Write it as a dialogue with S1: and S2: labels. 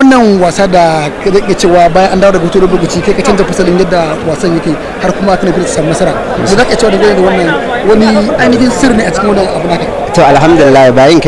S1: wannan wasa da rike cewa bayan an dawo daga hutun lokaci kai ka canza fasalin yadda wasan yake har kuma kana fita samu nasara mu za cewa da wannan wani ainihin sirri ne a cikin wannan abu naka
S2: to alhamdulillah bayan